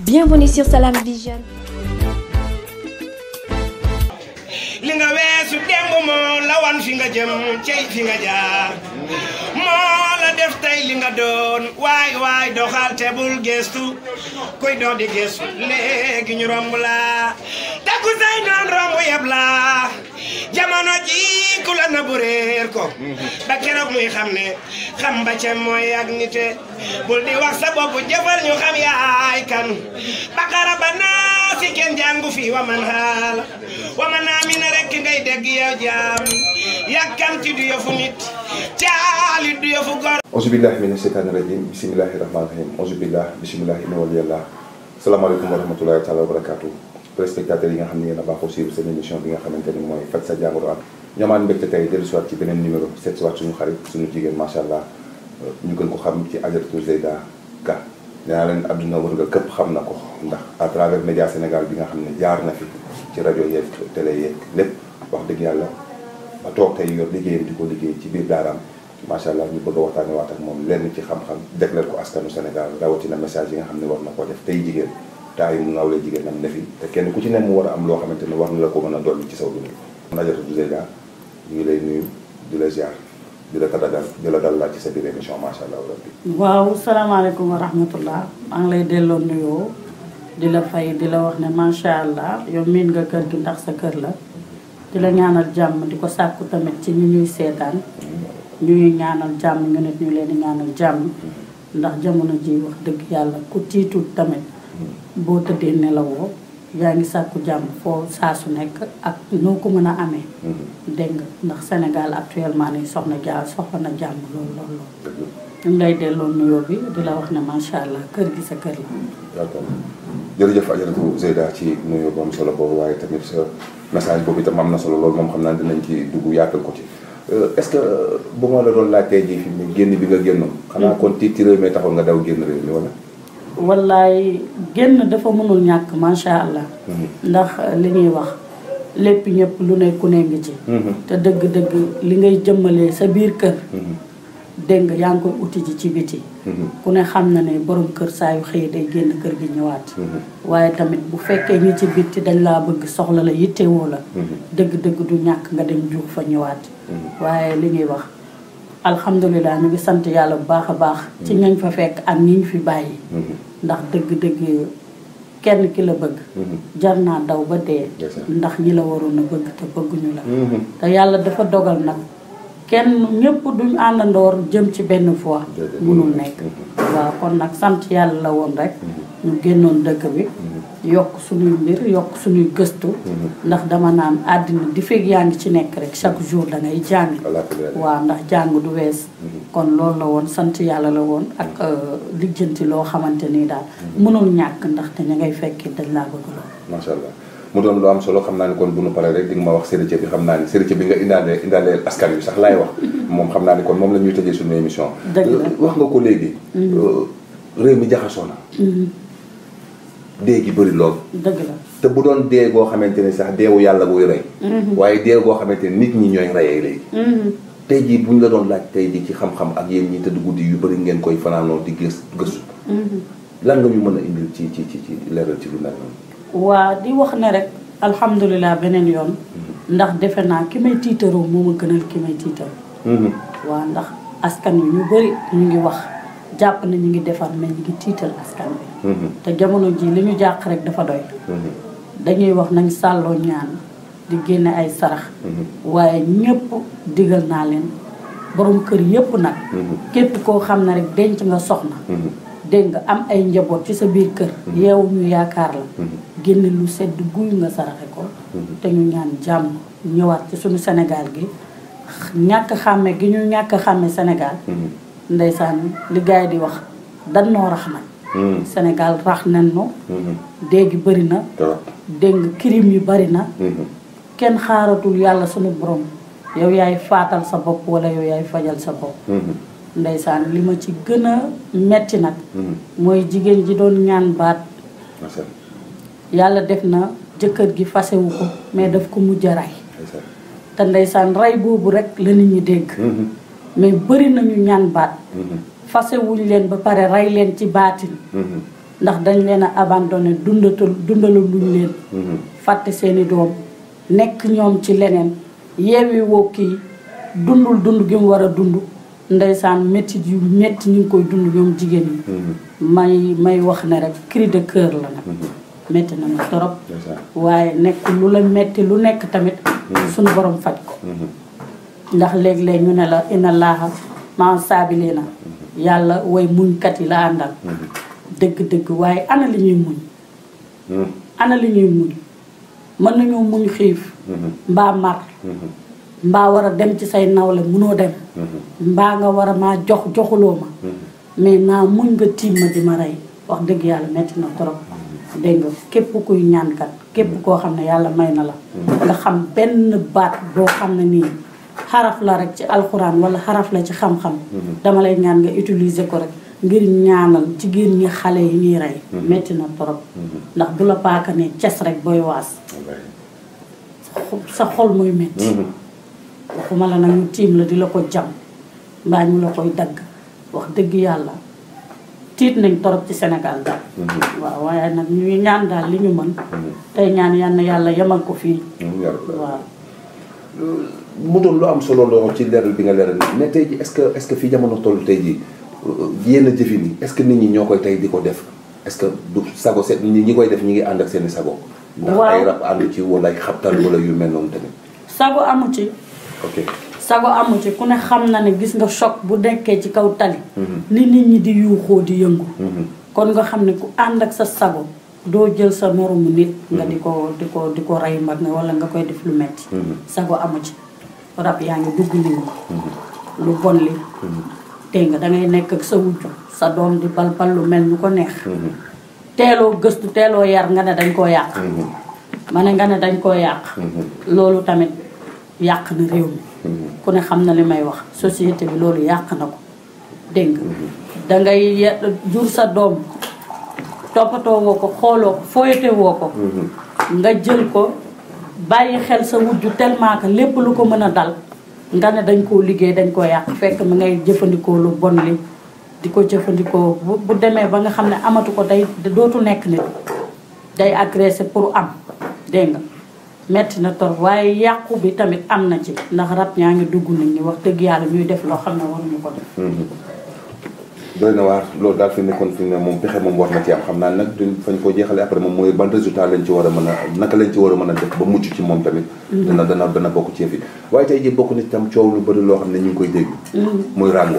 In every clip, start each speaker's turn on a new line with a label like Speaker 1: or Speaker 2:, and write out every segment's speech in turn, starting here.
Speaker 1: Bienvenue sur Salam Vision. li nga weesu démb moo la wan fi nga jëm cey fi nga jaar. moo la def tey li nga doon waay waay doxal te bul gestu kuy dox di gestu léegi ñu romb la takku say naan romb yeb la jamono ji ku la na bu ko ba keroog muy xam ne xam ba ca mooy ak nite bul di wax sa jëfal ñu xam yaay kan bakara ba naa si kenn jàngu fi wa man xaal wa man naa mi na rekk ngay dégg yow jaam yàkkam ci du yofu nit ca auzu
Speaker 2: billaahi mina seytaani rajiim bismillaahi rahmaani rahiim auzu billaahi bismillaahi inna waliyallah salaamaaleykum wa rahmatulaahi taala wa barakaatu téléspectateurs yi nga xam ne yéen a baaxoo suivre seen émission bi nga xamante ni mooy faj sa jàngoro am ñoomaan mbégte tey dellu si waat ci beneen numéro seet si waat suñu xarit suñu jigéen macha allah ñu gën ko xam ci Adjaratou Zeyda Ka nee naa leen àdduna wërngal këpp xam na ko ndax à travers média Sénégal bi nga xam jaar na fi ci rajo yeeg télé yeeg lépp wax dëgg yàlla ba toog tey yor di ko liggéey ci biir daaraam macha allah ñu bëgg a waxtaane waat ak moom lenn ci xam-xam jagleel ko askanu Sénégal rawatina message yi nga xam ne war na ko def tey jigéen taay mu nawle jigéen am na fi te kenn ku ci ne mu war a am loo xamante ne war na la ko a dolli ci saw dund. Najatou ngi lay nuyu di la ziar di la tadagal di la dalal ci sa biir émission macha allah rabbi.
Speaker 3: waaw salaamaaleykum wa rahmatullah maa ngi lay delloo nuyoo di la fay di la wax ne macha allah yow miin nga kër gi ndax sa kër la di la ñaanal jàmm di ko sàkku tamit ci ñi ñuy seetaan. ñuy ñaanal jàmm ñu nit ñu leen di ñaanal jàmm mm-hmm. ndax jamono ji wax dëgg yàlla ku tiitu tamit mm-hmm. boo tëddee nelawoo yaa ngi sàkku jàmm foo saa su nekk ak noo ko mën a amee mm-hmm. dégg nga ndax Sénégal actuellement nii soxna jàmm soxla na jàmm lool lool lool ñu ngi lay delloo nuyoo bi di la wax ne macha allah kër gi sa kër la
Speaker 2: d'accord jërëjëf ajaratu Zeyda ci nuyoo bu am solo boobu waaye tamit sa message boobu itam am na solo lool moom xam naa dinañ ci dugg yaatal ko ci Euh, est-ce que euh, bu ma la doon laaj jii fi mu génn bi nga génnoon. xanaa kon tiit réew mi taxoon nga daw génn réew mi wala.
Speaker 3: wallaay génn dafa mënul ñàkk macha allah. Mhm. ndax euh, li ñuy wax lépp ñëpp lu ne ku ne ci. Mhm. te dëgg-dëgg li ngay jëmmalee sa biir kër. Mhm. dégg nga yaa ngi koy uti ji ci biti. Mhm. ku ne xam na ne borom kër saa yu xëyee day génn kër gi ñëwaat. Mhm. waaye tamit bu fekkee ñi ci biti dañ laa bëgg soxla la yittewoo la. Mhm. dëgg-dëgg du ñàkk nga dem juux fa ñëwaat. waaye li ñuy wax alhamdulilah mu ngi sant yàlla bu baax a baax. ci ñañ fa fekk ak ñi ñu fi bàyyi. ndax dëgg-dëgg kenn ki la bëgg. jar naa daw ba dee. ndax ñi la waroon a bëgg te bëgguñu la. te yàlla dafa dogal nag. kenn ñëpp duñ àndandoor jëm ci benn fois munul nekk waaw kon nag sant yàlla la woon rek mm-hmm. ñu génnoon dëkk bi mm-hmm. yokk suñuy mbir yokk suñuy gëstu mm-hmm. ndax dama naan àddina di fekk yaa ngi ci nekk rek chaque jour da ngay jàng waaw ndax jàng du wees kon loolu la woon sant yàlla la woon ak euh, lijjanti loo xamante nii daal mënul ñàkk ndaxte ña ngay fekkee dañ laa
Speaker 2: bëgg mu doon lu am solo xam naa ne kon bu nu paree rek di nga ma wax sërëcë bi xam naa ni sërëcë bi nga indaale indaaleel askan bi sax laay wax moom xam naa ni kon moom la ñuy tëjee suñu émission euh, wax nga ko léegi mm-hmm. euh, réew mi jaxasoo na mm-hmm. dee gi bëri lool te bu doon dee goo xamante ne sax deewu yàlla buy rey mm-hmm. waaye dee goo xamante ne nit ñi ñooy reyee léegi tey jii buñ la doon laaj tey ji ci xam-xam ak yéen ñi tëdd guddi yu bari ngeen koy fanaanoo di gës gëstu lan nga ñu mën a indil ci ci ci ci leeral
Speaker 3: waa di wax ne rek alhamdulilah beneen yoon mm-hmm. ndax defe naa ki may tiitaroo gën a gënal ki may tiitaroo mm-hmm. waa ndax askan wi ñu bëri ñu ngi wax jàpp na ñu ngi defar mais ñu ngi tiital askan bi mm-hmm. te jamono ji li ñu jàq rek dafa doy dañuy wax nañ sàlloo ñaan di génne ay sarax waaye ñëpp digal naa leen borom kër yëpp nag képp koo xam na rek denc nga soxna dégg nga am ay njaboot ci sa biir kër yeewu ñu yaakaar la génne lu sedd guy nga saraxe ko mhm. te ñu ñaan jàmm ñëwaat ci suñu Sénégal gi ñàkk xàmme gi ñu ñàkk xàmme Sénégal mhm. ndeysaan li gars yi di wax dannoo rax nag mhm. senegal rax nañ nu dégg gi na dégg kirim yu bari na kenn xaaratul yàlla suñu borom yow yaay faatal sa bopp wala yow fajal sa bopp li ma ci gën metti nag mooy jigéen ji doon ñaan baat yàlla def na jëkkër gi fasewu ko mais daf ko mujj a rey te ndeysaan rey boobu rek la nit ñi dégg mm-hmm. mais bëri nañu ñaan baat mm-hmm. fasewuñ leen ba pare rey leen ci baatin mm-hmm. ndax dañ leen a abandonné dundatul dundala luñ leen fàtte seeni doom nekk ñoom ci leneen yeewi woo dundul dund gi mu war a dund ndeysaan méttit yu ñu ngi koy dund ñoom jigéen ñi may may wax ne rek cri de la nag métti na ma torop waaye nekk lu la metti lu nekk tamit hmm. suñu borom faj ko hmm. ndax léeg-léeg ñu ne la inna laaha maa saabiliina hmm. yàlla woy muñkat yi la àndal dëgg-dëgg waaye ana li ñuy muñ ana li ñuy muñ mën nañu muñ xiif mbaa mar mbaa war a dem ci say nawle munoo dem mbaa nga war a maa jox joxuloo ma mais naa muñ nga tiim ma di ma rey wax dëgg yàlla metti na torop dégg nga képp kuy ñaankat képp mm. koo xam ne yàlla may na la mm. nga xam benn baat boo xam ne nii xaraf la rek ci alxuraan wala xaraf la ci xam-xam mm-hmm. dama lay ñaan nga utiliser ko rek ngir ñaanal jigéen ñi xale yi ñuy rey mm-hmm. metti na trop mm-hmm. ndax bu la paaka ne ces rek booy waas sa xol muy metti waxuma la nag ñu tiim la di la ko jam mbaa ñu la koy dagg wax dëgg yàlla tiit nañ torop ci Sénégal daal. Mhm. waaw waaye nag ñuy ñaan daal li ñu mën. Mhm. tey ñaan yal na yàlla yemal ko fii.
Speaker 4: Mhm,
Speaker 2: waaw. mu doon lu am solo loo ci leeral bi nga leeral mais tey ji est-ce que est que fii jamono toll tey ji euh, yenn jëfin yi est-ce que nit ñi ñoo koy tey di ko def est que du sago seet nit ñi koy def ñu ngi ànd ak seen i sago. ndax ay rab ànd ci wala ay xabtal wala yu mel noonu tamit.
Speaker 3: sago amu ci. sago amu ci ku ne xam na ne gis nga choc bu nekkee ci kaw tali li mhm. nit ñi di yuuxoo di yëngu mhm. kon nga xam ne ku ànd ak sa sago doo jël sa moromu nit nga mhm. di ko di ko di ko rey mbag wala nga koy def lu metti sago amu ci rab yaa ngi dugg nit ñi lu bon li tey nga dangay nekk ak sa wujju sa doom di balbal lu mel ñu ko neex teeloo gëstu teeloo yar nga ne dañ koo yàq ma ne nga ne dañ koo yàq loolu tamit yàq na réew mi ku ne xam na li may wax société bi loolu yàq na ko dégg nga dangay jur sa doom toppatoo woo ko xooloo ko woo ko nga jël ko bàyyi xel sa wujju tellement que lépp lu ko mën a dal nga ne dañ koo liggéey dañ koo yàq fekk mi ngay jëfandikoo lu bon li di ko jëfandikoo bu demee ba nga xam ne amatu ko day dootu nekk nit day agressé pour am dégg nga metti na torop waaye yàqu bi tamit am na ci ndax rab ñaa ngi dugg nit ñi wax dëgg yàlla ñuy def loo xam ne waruñu
Speaker 2: ko def. Mhm. doy na waa loolu daal fi nekkoon fi ne moom pexe moom wax na ci am xam naa nag duñ fañ ko jeexalee après moom mooy ban résultat lañ ci war a mën a naka lañ ci war a mën a def ba mucc ci moom tamit. Mhm. dana dana bokk ci yëf yi waaye tey jii bokk na ci tam coow lu bëri loo xam ne ñu ngi koy dégg. Mhm. muy ràngo.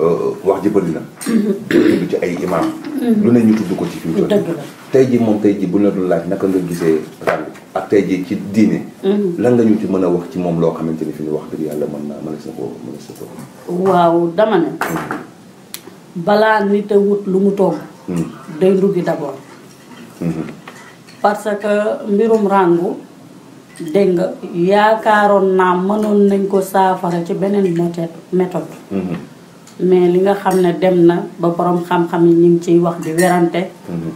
Speaker 2: Euh, wax ji bëri na. ñu tudd ci ay imaam.
Speaker 4: Mm-hmm. lu ne ñu
Speaker 2: tudd ko ci fi mu toll. tey ji moom tey ji bu ñu la doon laaj naka nga gisee Rambo ak tey ji ci diine. Mm-hmm. lan nga ñu ci mën a wax ci moom loo xamante ni fi ñu wax dëgg yàlla mën naa mën sa koo mën sa koo.
Speaker 3: waaw dama ne. Mm-hmm. balaa a wut lu mu toog. day nduggi d'abord. parce que mbirum Rambo dégg nga yaakaaroon naa mënoon nañ ko saafara ci beneen méthode. mais li nga xam ne dem na ba boroom xam-xam yi ñu ngi ciy wax di werante mhm.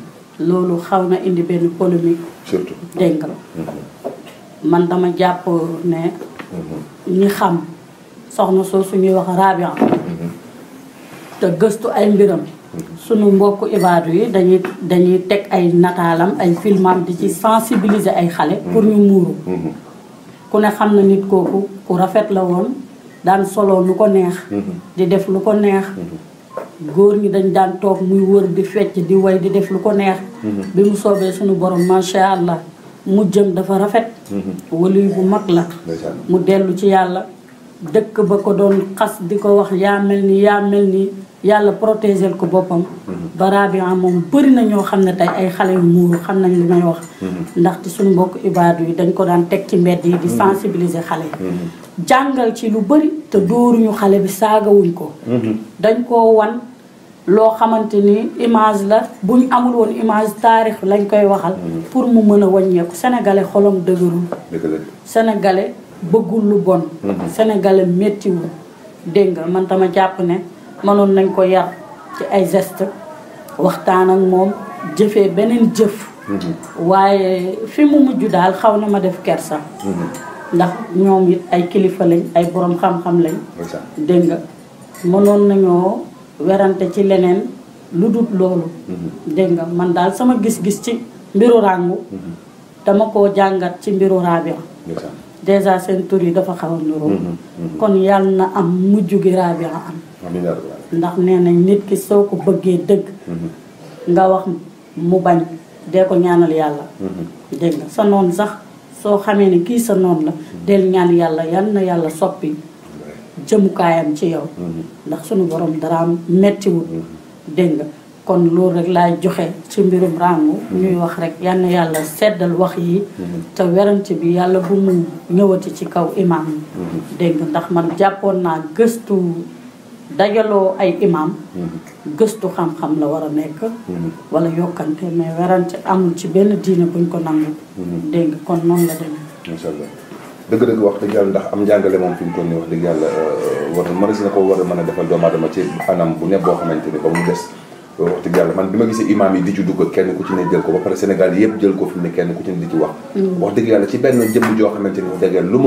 Speaker 3: loolu xaw na indi benn polémique surtout mhm. man dama jàpp ne mhm. ñi xam soxna soo suñuy wax Rabia te gëstu ay mbiram suñu mbokku ibaadu yi dañuy teg ay nataalam ay filmam di ci sensibiliser ay xale pour ñu muuru ku ne xam na nit kooku ku rafet la woon daan solo lu ko neex mhm. di def lu ko neex mhm. góor ñi dañ daan toog muy wër di fecc di way di def lu ko neex mhm. bi mu soobee suñu borom macha allah mu jëm dafa rafet waluy bu mag la mu dellu ci yàlla dëkk ba ko doon xas di ko wax yaa mel ni yaa mel ni yàlla protéger ko boppam bara bi moom bëri na ñoo xam ne tey ay xale yu muuru xam nañ li may wax ndaxte suñu mbokk ibaadu yi dañ ko daan teg ci mbedd yi di sensibiliser xale yi jàngal ci lu bëri te dóoruñu xale bi saagawuñ ko mhm. dañ koo wan loo xamante ni image la bu amul woon image taarix lañ koy waxal mhm. pour mu mën a wàññeeku sénégalais xolam dëgërul sénégalais bëggul lu bon mhm. sénégalais méttiwul dégg nga man tama jàpp ne mënoon nañ ko yar ci ay geste waxtaan ak moom jëfee beneen jëf waaye fi mu mujj daal xaw na ma def kersa ndax ñoom it ay kilifa lañ ay boroom xam-xam lañ. dégg nga mënoon nañoo werante ci leneen lu dul loolu. Mhm. dégg nga man daal sama gis-gis ci mbiru ràngu. Mhm. dama ko jàngat ci mbiru Rabia. dèjà seen tur yi dafa xaw a nuroo
Speaker 4: mhm, kon
Speaker 3: yàlla na am mujj gi Rabia am. ndax nee nañ nit ki soo ko bëggee dëgg. nga wax mu bañ dee ko ñaanal yàlla. dégg sa noonu sax. soo xamee ne kii sa noonu la del ñaan yàlla yal na yàlla soppi jëmukaayam ci yow mm-hmm. ndax sunu borom daraam mettiwul mm-hmm. dégg kon loolu rek laay joxe ci mbirum Rangou mm-hmm. ñuy wax rek yal yàlla seddal wax yi te werante bi yàlla bu mu ñëwati ci kaw imaam dégg ndax man jàppoon naa gëstu dajaloo ay imam
Speaker 4: mm-hmm.
Speaker 3: gëstu xam-xam la war a nekk mm-hmm. wala yokkante mais werante amul ci benn diine buñ ko nangu mm-hmm. dégg nga kon noonu la demee
Speaker 2: incha allah dëgg-dëgg wax dëgg yàlla ndax am njàngale moom fi mu toll nii wax dëgg yàlla euh, war na mënees na ko war a mën a defal doomu aadama ci anam bu ne boo xamante ni ba mu des wax dëgg yàlla man bi ma gisee imaam yi di ci dugg kenn ku ci ne jël ko ba pare Sénégal yëpp jël ko fi mu ne kenn ku ci ne di ci wax mm. wax dëgg yàlla ci benn jëmm joo xamante ni la mm.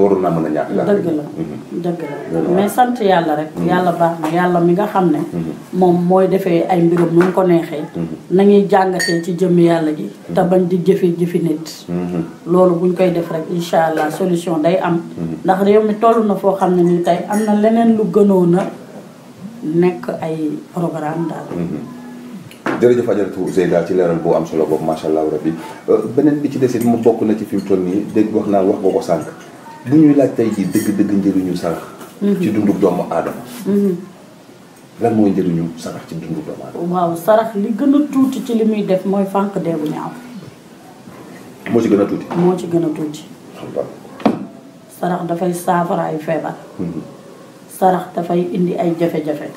Speaker 2: waroon naa mën a ñàkk la dëgg la mm-hmm. dëgg
Speaker 4: la mais
Speaker 3: sant yàlla rek mm-hmm. yàlla baax na yàlla mi nga xam ne
Speaker 4: mm-hmm.
Speaker 3: moom mooy defee ay mbiram nu mu ko neexee nañuy jàngatee ci jëmm yàlla ji te bañ di jëfe jëfi nit loolu buñ koy def rek incha allah solution day am ndax réew mi toll na foo xam ne nii tey na nekk ay programme daal.
Speaker 2: Mhm. jërëjëf ajaratu daal ci leeral boo am solo boobu macha allah bi euh, beneen bi ci desit mu bokk na ci fi mu nii dégg wax naa wax nga ko sànq bu ñuy laaj tey jii dëgg-dëgg njëriñu sarax. Mhm. ci dundu doomu aadama. Mhm. lan mooy njëriñu sarax ci dundu doomu aadama.
Speaker 3: waaw sarax li gën a tuuti ci li muy def mooy fànq dee
Speaker 2: moo ci gën a tuuti. moo
Speaker 3: ci gën a tuuti. sarax dafay saafara ay feebar. sarax dafay indi ay jafe-jafe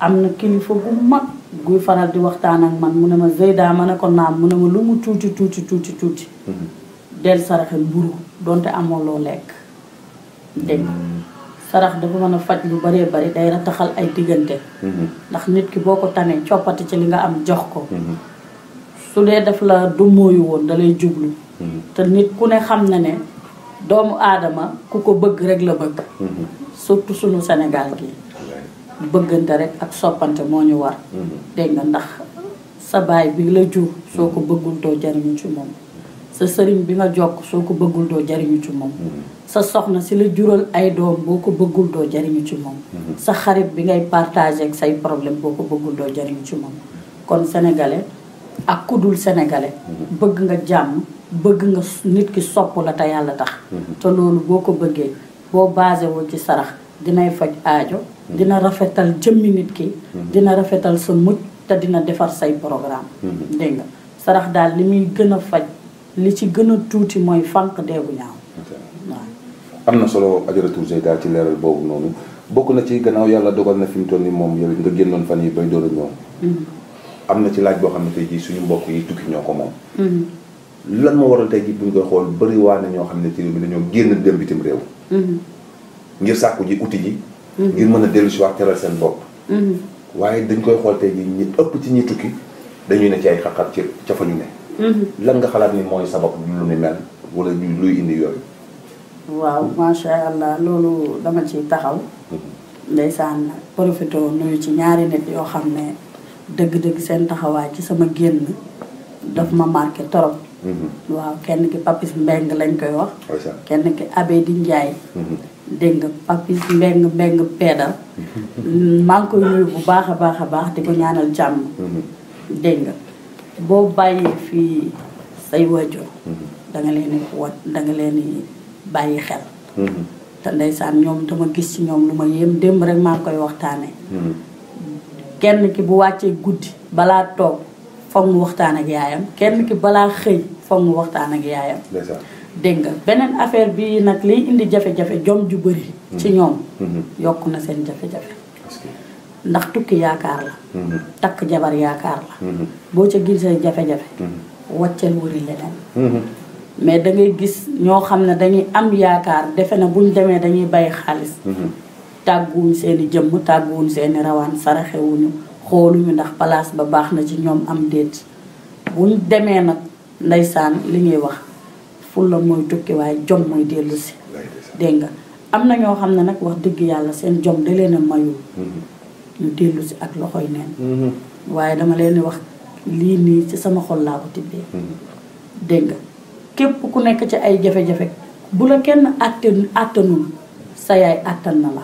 Speaker 3: am na kilifa gu mag guy faral di waxtaan ak man mu ne ma Zeyda ma ne ko naam mu ne ma lu mu tuuti tuuti tuuti tuuti mhm. del saraxe mburu donte amoo loo lekk dégg mhm. sarax dafa mën a faj lu baree bari day rataxal ay diggante mhm. ndax nit ki boo ko tanee coppati ci li nga am jox ko su dee def la du mooyu woon da lay jublu te nit ku ne xam na ne doomu aadama ku ko bëgg rek la bëgg surtout suñu senegal gi bëggante rek ak soppante moo ñu war mm-hmm. dégg nga ndax sa baay bi la jur soo ko bëggul doo jariñu ci moom sa sëriñ bi nga jokk soo ko bëggul doo moom mm-hmm. sa soxna si la jural ay doom boo ko bëggul doo jariñu ci moom mm-hmm. sa xarit bi ngay partager ak say problème boo ko bëggul doo jariñu ci moom kon sénégalais ak kudul sénégalais bëgg nga jàmm bëgg nga nit ki sopp la te yàlla tax te loolu boo ko bëggee boo basé wu ci sarax dinay faj aajo dina rafetal jëmmi nit ki mm-hmm. dina rafetal sa mujj te dina defar say programme mm-hmm. dégg nga sarax daal li muy gën a faj li ci gën a tuuti mooy fànq deebu ñaaw
Speaker 2: waaw am na solo ajaratu Zeyda ci leeral boobu noonu bokk na ci gannaaw yàlla dogal na fi mu toll ni moom yow nga génnoon fan a ñëw
Speaker 4: mm-hmm.
Speaker 2: na ci laaj boo xam ne tey jii suñu mbokk yi tukki ñoo ko moom lan moo waral tey jii bu ñu koy xool bëri waa na ñoo xam ne ci réew mi dañoo génn dem bitim réew Mm-hmm. ngir sàkku ji uti ji. Mm-hmm. ngir mën a dellu si waat teral seen bopp. Mm-hmm. waaye dañ koy xool tey jii ñi ëpp ci ñi tukki dañuy ne ci ay ci ca ne. lan nga xalaat ni mooy sabab lu ni mel wala luy indi yooyu.
Speaker 3: waaw macha allah loolu dama ciy taxaw. ndeysaan profité nuyu ci ñaari nit yoo xam ne dëgg-dëgg seen taxawaay ci sama génn daf ma marqué trop. Mm-hmm. waaw kenn ki Papis Mbeng lañ koy wax. Oh, kenn ki abe di mm-hmm. dégg nga Papis Mbeng Mbeng Pédal. Mm-hmm. maa ngi koy nuyu bu baax a baax a baax di ko ñaanal jàmm. dégg nga boo bàyyee fii say waajur. da nga leen di leen bàyyi xel. te ndeysaan ñoom dama gis ci ñoom lu ma yéem démb rek maa ngi koy waxtaanee. kenn ki bu wàccee guddi balaa toog foog mu waxtaan ak yaayam kenn ki balaa xëy. foog mu waxtaan ak yaayam. dégg nga beneen affaire bii nag liy indi jafe-jafe jom ju bëri. Mm-hmm. ci ñoom. Mm-hmm. yokk na seen jafe-jafe. ndax tukki yaakaar la. Mm-hmm. takk jabar yaakaar la. boo ca gisee jafe-jafe. wàcceel wëri leneen. mais da gis ñoo xam ne dañuy am yaakaar defe na buñ demee dañuy bàyyi xaalis. tàgguwuñ seen i jëmm tàgguwuñ seen rawaan saraxewuñu xooluñu ndax place ba baax na ci ñoom am déet buñ demee nag. ndeysaan li ñuy wax fulla mooy tukki waaye jom mooy dellu si dégg nga am na ñoo xam ne nag wax dëgg yàlla seen jom di leen a mayul mm-hmm. ñu dellu si ak loxoy neen mm-hmm. waaye dama leen wax lii nii ci sama xol laa ko tibbee mm-hmm. dégg képp ku nekk ci ay jafe-jafe bu la kenn àttan àttanul sa yaay àttan na la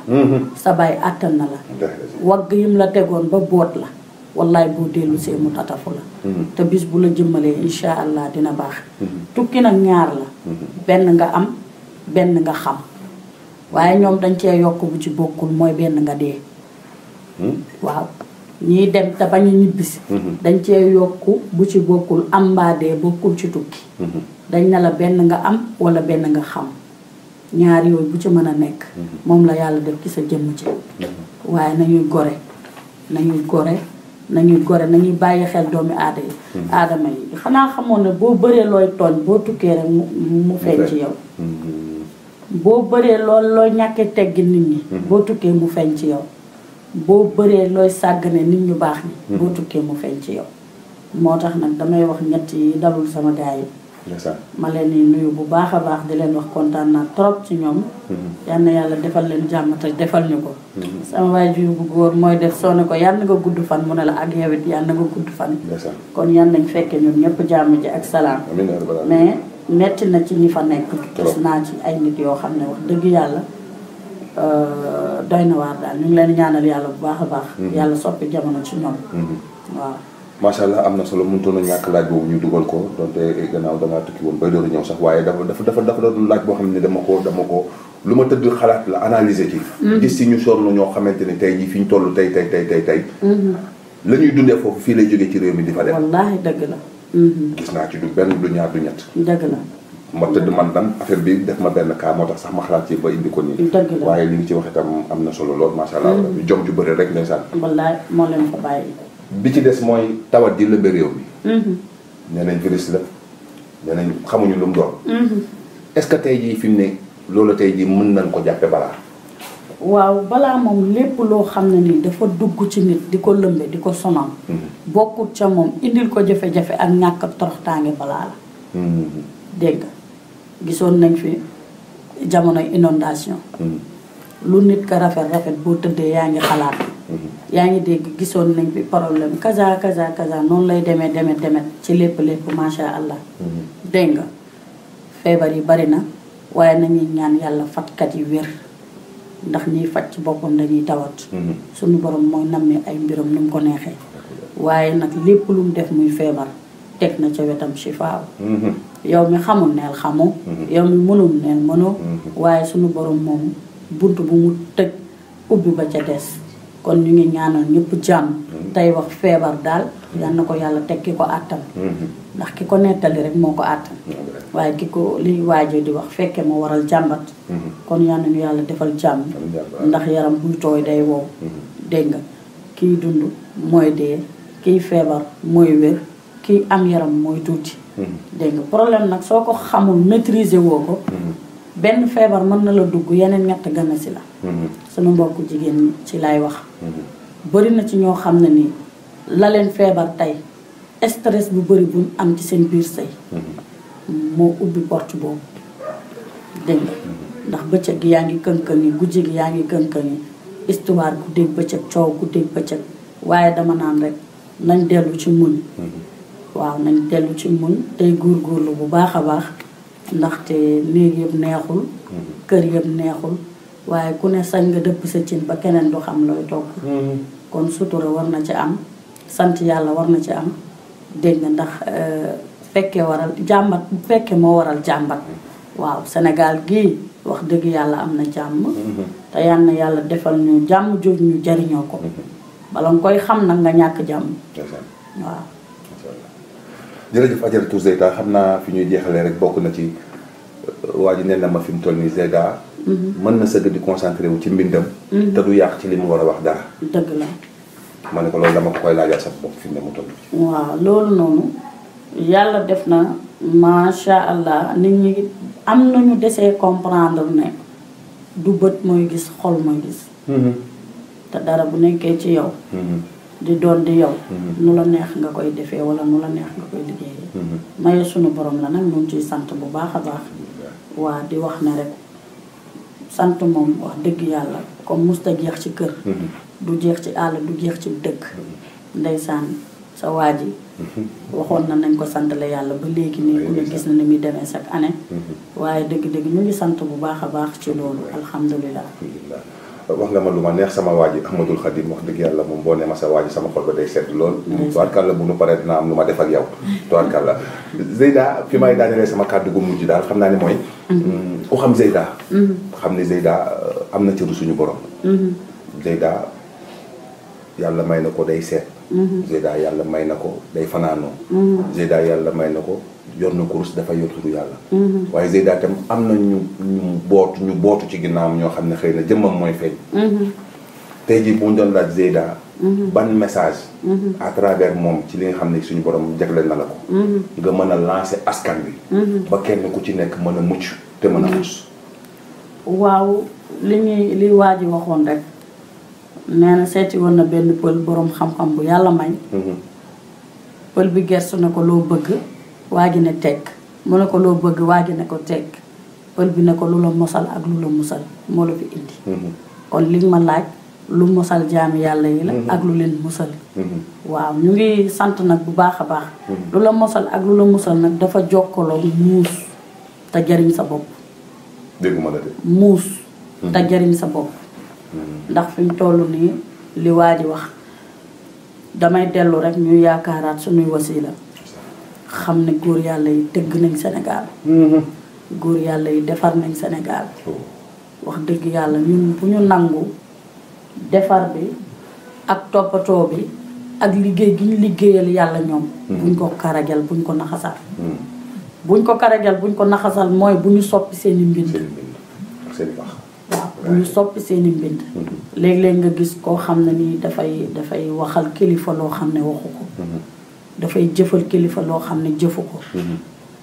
Speaker 3: sa baay àttan na la wagg yim la tegoon ba boot la wallaay boo dellusee mu tatafu la mm-hmm. te bis bu la jëmmalee incha allah dina baax mm-hmm. tukki nag ñaar la
Speaker 4: mm-hmm.
Speaker 3: benn nga am benn nga xam waaye ñoom dañ cee yokk bu ci bokkul mooy benn nga dee waaw dem te bañ a cee yokk bu ci bokkul am mbaa dee bokkul ci tukki dañ na la benn nga am walla benn nga xam ñaar yooyu bu ci mën a nekk moom la yàlla def ci sa jëmm ci waaye nañuy gore nañuy gore nañuy gore na ñuy bàyyi xel doomi aada yi hmm. aadama yi xanaa xamoon na boo baree looy tooñ boo tukkee rek mu ci yow hmm. boo bëree lool looy teggi nit ñi hmm. boo tukkee mu feeñ ci yow boo bëree looy sàggane nit ñu baax ñi boo tukkee mu feeñ ci yow moo tax nag damay wax ñett yi dalul sama gaay
Speaker 4: yi ma
Speaker 3: leen di nuyu bu baax a baax di leen wax kontaan naa trop ci ñoom.
Speaker 4: Mm-hmm.
Speaker 3: yal yàlla defal leen jàmm te defal ñu ko. Mm-hmm. sama waay ji bu góor mooy def soo ne ko yal na nga gudd fan mu ne la ak yow it yal nga gudd fan. kon yal nañ fekkee ñun ñëpp jàmm ji ak salaam. mais metti na ci ñi fa nekk. gis naa ci ay nit yoo xam ne wax dëgg yàlla euh, doy na waar daal ñu leen ñaanal yàlla bu baax a baax. Mm-hmm. yàlla soppi jamono ci ñoom. waaw.
Speaker 2: macha allah am na solo mënutoon a ñàkk laaj boobu ñu dugal ko donte gannaaw da ngaa tukki woon bay dooru ñëw sax waaye dafa dafa dafa dafa doon laaj boo xam ne dama ko dama ko lu ma tëdd xalaat la analyser ci. Mm-hmm. gis si ñu sonn ñoo xamante ne tey jii fi ñu toll tey tey tey tey tey. Mm-hmm. la ñuy dundee foofu fii lay jógee ci réew mi di fa dem.
Speaker 3: wallaahi dëgg la. Mm-hmm.
Speaker 2: gis naa ci du benn du ñaar du ñett. dëgg la. ma tëdd man dam affaire bi def ma benn cas moo tax sax ma xalaat ci ba indi ko nii. dëgg la waaye li nga ci wax itam am na solo lool macha allah. jom ju bëri rek ndeysaan.
Speaker 3: wallaahi moo leen ko
Speaker 4: bàyyi
Speaker 2: bi ci des mooy tawat ji lëmbe réew bi mhm. nee nañ virus la nee nañ xamuñu lu mu doon mhm. ce que tey jii fi mu ne loolu tey jii mën nañ ko jàppe balaa
Speaker 3: waaw balaa moom lépp loo xam ne nii dafa dugg ci nit di ko lëmbe di ko sonal mhm. bokkut ca moom indil ko jafe-jafe ak ñàkk ak toroxtaange balaa la dégg gisoon nañ fi jamono inondation lu nit ko rafet rafet boo tëddee yaa ngi xalaat Mm-hmm. yaa ngi dégg gisoon nañ fi problème kaza kaza kaza noonu lay demee demet demet ci lépp lépp macha allah. Mm-hmm. dégg nga feebar yi bari na waaye nañuy ñaan yàlla fajkat yi wér ndax ñiy faj ci boppam dañuy tawat. Mm-hmm. suñu borom mooy nammee ay mbiram nu mu ko neexee. waaye nag lépp lum def muy feebar teg na ca wetam shifaaw. yow mi xamul neel xamu. yow mi mënul neel mënoo. waaye suñu borom moom bunt bu mu tëj ubbi ba ca des. kon ñu ngi ñaanal ñëpp jàmm
Speaker 4: mm-hmm. tey
Speaker 3: wax feebar daal mm-hmm. yal na ko yàlla teg ki ko àttan mm-hmm. ndax ki ko nettali rek moo ko àttan waaye ki ko liy waajee di wax fekkee moo waral jàmbat kon yal nañu yàlla defal jàmm ndax yaram buy tooy day wow dégg nga kiy dund mooy dee kiy feebar mooy wér kiy am yaram mooy tuuti dégg nga problème nag soo ko xamul maîtriser woo ko benn feebar mën na la dugg yeneen ñett gën a si la mbokku jigéen ñi ci lay wax bëri na ci ñoo xam ne nii la leen feebar tey stress bu bëri buñ am ci seen biir sëy moo ubbi porte boobu dégg nga ndax bëccëg yaa ngi kënkën yi guddi gi yaa ngi kënkën yi histoire guddeeg bëccëg coow guddeeg bëccëg waaye dama naan rek nañ dellu ci muñ waaw nañ dellu ci muñ tey góorgóorlu bu baax a baax ndaxte néeg yëpp neexul kër yëpp neexul waaye ku ne sañ nga dëpp sa cin ba keneen du xam looy togg mm-hmm. kon sutura war na ci am sant yàlla war na ci am dégg nga ndax euh, fekke waral jàmbat bu fekke moo waral jàmbat waaw senegal gii wax dëgg yàlla am na jàmm mm-hmm. te yal yàlla defal ñu jàmm jooju ñu jariñoo ko mm-hmm. bala nga koy xam na nga ñàkk jàmm
Speaker 2: waaw jërëjëf Adjaratou Zeyda xam naa fi ñuy jeexalee rek bokk na ci waa ji nee na ma fi mu toll nii Zega.
Speaker 3: Mhm. mën na sëgg
Speaker 2: di concentré wu ci mbindam. Mhm. te du yàq ci li mu war a wax dara. dëgg la. ma ne ko loolu dama koy laajal sa bopp fi mu ne mu toll.
Speaker 3: waaw loolu noonu yàlla def na macha allah ñi am nañu desee comprendre ne du bët mooy gis xol mooy gis. Mhm. te dara bu nekkee ci yow. di doon di yow. nu la neex nga koy defee wala nu la neex nga koy liggéeyee. maye sunu borom la nag ñu ngi ciy sant bu baax a baax. waa di wax na rek sant moom wax dëgg yàlla comme musta jeex ci kër mm-hmm. du jeex ci àll du jeex ci dëkk mm-hmm. ndeysaan sa waa ji mm-hmm. waxoon na nañ ko sant la yàlla ba léegi nii ku ne gis na ni muy demee chaque année waaye dëgg-dëgg ñu ngi sant bu baax a baax ci loolu alhamdulilah
Speaker 2: wax nga ma lu ma neex sama waa ji Ahmadul Khadim wax dëgg yàlla moom boo ne ma sa waa ji sama xol ba day sedd lool. tubaarkàlla bu nu paree dina am lu ma def ak yow. tubaarkàlla Zeyda fi may daanelee sama kàddu gu mujj daal xam naa ne mooy. Mm-hmm. ku xam Zeyda. Mm-hmm. xam ne Zeyda euh, am na cëru suñu borom. Mm-hmm. Zeyda yàlla may na ko day seet. Zeyda yàlla may na ko day fanaanoo. Zeyda yàlla may na ko. yor na course dafa yor turu yàlla. Mhm. waaye Zeyda tam am na ñu ñu bootu ñu bootu ci ginnaawam ñoo xam ne xëy na jëmmam mooy feeñ. Mhm. tey jii bu ñu doon laaj Zeyda. Mhm. ban message. à travers moom ci li xam ne suñu borom jagleel na la ko. nga mën a lancer askan bi. ba kenn ku ci nekk mën a mucc te mën a muus.
Speaker 3: waaw li ñuy li waa ji waxoon rek nee na seeti woon na benn pël boroom xam-xam bu yàlla may. pël bi gersu na ko loo bëgg. waa ji ne tekk mu ne ko loo bëgg waa ji ne ko tekk ël bi ne ko lu la mosal ak lu la musal moo la fi indi mhm. kon li ma laaj lu mosal jaam yàlla yi la mhm. ak lu leen musal
Speaker 4: mhm.
Speaker 3: ñu sant nag bu baax a baax lu mosal ak lu la musal nag dafa jokkaloo muus te jariñ sa bopp
Speaker 2: muus te
Speaker 3: jariñ sa bopp ndax fi mu toll nii li waa ji wax damay dellu rek ñu yaakaaraat suñuy wasiila xam ne góor yàlla yi dëgg nañ Sénégal mm-hmm. góor yàlla yi defar nañ Sénégal oh. wax dëgg yàlla ñun bu ñu nangu defar bi ak toppatoo bi ak liggéey gi ñu liggéeyal yàlla ñoom mm. buñ ko karagel buñ ko naxasal mm. buñ ko karagel buñ ko naxasal mooy bu ñu soppi seeni mbind bu ñu soppi seeni mbind mm-hmm. léeg-léeg nga gis koo xam ne nii dafay dafay waxal kilifa loo xam ne waxu ko mm-hmm. dafay jëfal kilifa loo xam ne jëfu ko mhm.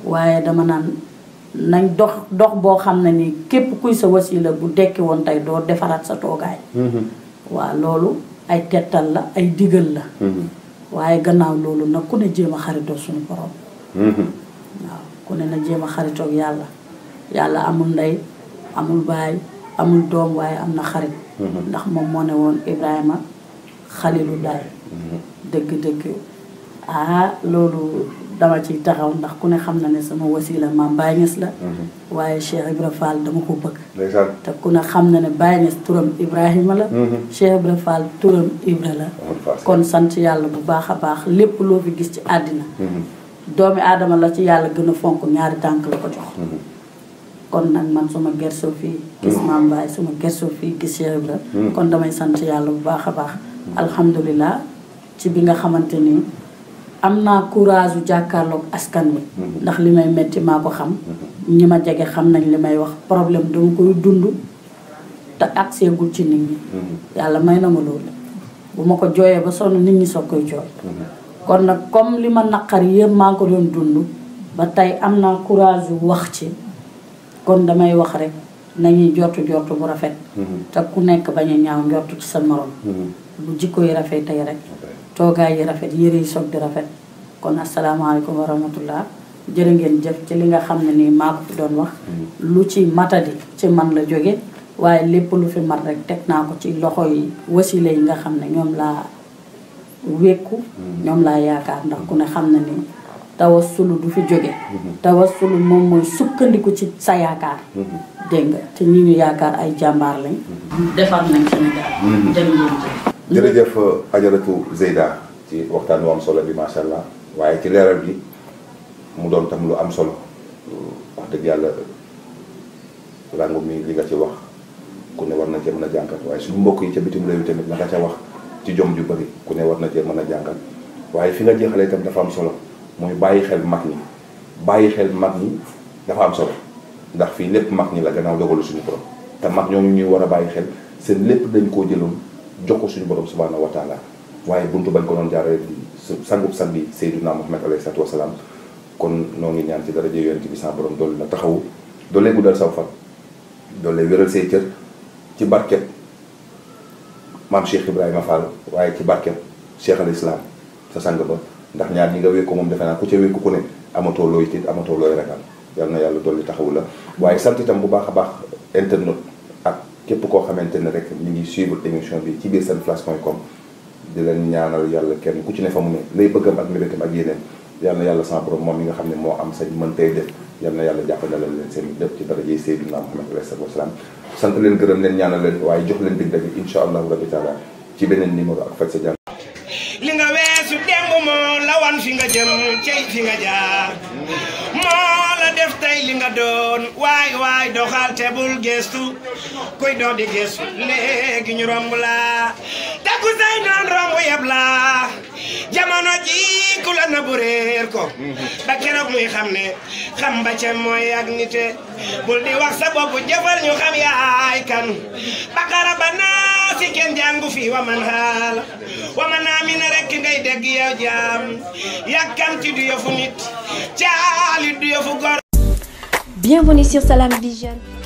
Speaker 3: waaye dama naan nañ dox dox boo xam ne ni képp kuy sa wasila bu dekki woon tey doo defaraat sa toogaay mhm. waa loolu ay tettal la ay digal la mhm. waaye gannaaw loolu nag ku ne jéem a xaritoo suñu borom
Speaker 4: waaw
Speaker 3: ku ne na jéem a xaritoog yàlla yàlla amul ndey amul baay amul doom waaye am na xarit ndax moom moo ne woon Ibrahima xalilu daay dëgg-dëgg ah loolu dama ciy taxaw ndax ku ne xam na ne sama wasila maam Baye Niass la. Mhm. waaye Cheikh Ibra Fall dama ko bëgg. te ku ne xam na ne Baye Niass turam Ibrahima la. Mhm. Cheikh Ibra Fall turam Ibra la. kon sant yàlla bu baax a baax lépp loo fi gis ci àddina. Mhm. doomi aadama la ci yàlla gën a fonk ñaari tànk la ko jox. kon nag man suma gerso fii gis maam Baye suma gerso fii gis Cheikh Ibra kon damay sant yàlla bu baax a baax. alhamdulilah ci bi nga xamante ni. am naa courage yu jàkkaarloog askan wi. Mhm. ndax li may metti maa ko xam. Mhm. ñi ma jege xam nañ li may wax problème dama koy dund te accès gul ci nit ñi. Mhm. yàlla may na ma loolu bu ma ko jooyee ba sonn nit ñi soog koy jooy. kon nag comme li ma naqar yëpp maa ko doon dund ba tey am na courage yu wax ci kon damay wax rek nañuy jotu jortu bu rafet. te ku nekk bañ a ñaaw njortu ci sa morom. bu jikko yi tey rek. toogaay yi rafet yére yi soog di rafet kon asalaamaaleykum wa rahmatullah jërë ngeen jëf ci li nga xam ne nii maa ko fi doon wax mm. lu ci matadi ci man la jóge waaye lépp lu fi mat rek teg naa ko ci loxo yi wasile yi nga xam ne ñoom laa wékku mm. ñoom laa yaakaar ndax ku ne xam na ni tawassulu du fi jóge mm-hmm. tawassulu moom mooy sukkandiku ci sa yaakaar mm-hmm. dégg nga te ñi ñu yaakaar ay jàmbaar
Speaker 2: lañ mm-hmm.
Speaker 3: defar nañ Sénégal dem ngeen jëf
Speaker 2: jërëjëf ajaratu Zeyda ci waxtaan wu am solo bi macha allah waaye ci leeral yi mu doon tam lu am solo wax dëgg yàlla rangu mi li nga ci wax ku ne war na cee mën a jàngat waaye suñu mbokk yi ca bitim tamit la nga ca wax ci jom ju bëri ku ne war na cee mën a jàngat waaye fi nga jeexalee tam dafa am solo mooy bàyyi xel mag ñi bàyyi xel mag ñi dafa am solo ndax fii lépp mag ñi la gannaaw dogalu suñu borom te mag ñooñu ñuy war a bàyyi xel seen lépp dañ koo jëloon. jox ko suñu borom subhanahu wa taala waaye buntu bañ ko doon su sangub sang bi Seydina Muhammad alayhi salaatu wa salaam kon noo ngi ñaan ci daraja yonent bi sa borom doole la taxawu doole guddal saw fan doole wéral say cër ci barkeb maam Cheikh Ibrahima Fall waaye ci barkeb Cheikh al Islam sa sang ba ndax ñaar ñi nga wékku moom defe naa ku ca wékku ku ne amatoo looy tiit amatoo looy ragal yal na yàlla dolli taxawu la waaye sant itam bu baax a baax internet képp koo xamante ne rek ñu ngi suivre émission bi ci biir seen flash.com di leen ñaanal yàlla kenn ku ci ne fa mu ne lay bëggam ak mébétam ak yeneen yàlla yàlla sama moom mi nga xam ne moo am sañ mën tey def yàlla na yàlla jàppandalal leen seen def ci darajey Seydina Muhammad alayhi salaatu wa salaam sant leen gërëm leen ñaanal leen waaye jox leen bi daje incha allah rabi taala ci beneen numéro ak faj sa jàmm
Speaker 1: su démb moo la wan fi nga jëm cey fi nga jaar moo la def tey li nga doon waay waay doxal te gestu kuy doo di gestu léegi ñu romb laa takku say noon romb yeb laa jamono ji ku la na bu ko ba keroog muy xam ne xam ba ca mooy ak nite bul di wax sa bopp jëfal ñu xam yaay kan baqara ba naa si kenn jàngu fi wa man xaal wa man amina rek ngay dégg yow jaam yàkkamti du yëfu nit caalit du yëfu gor Bienvenue sur Salam Vision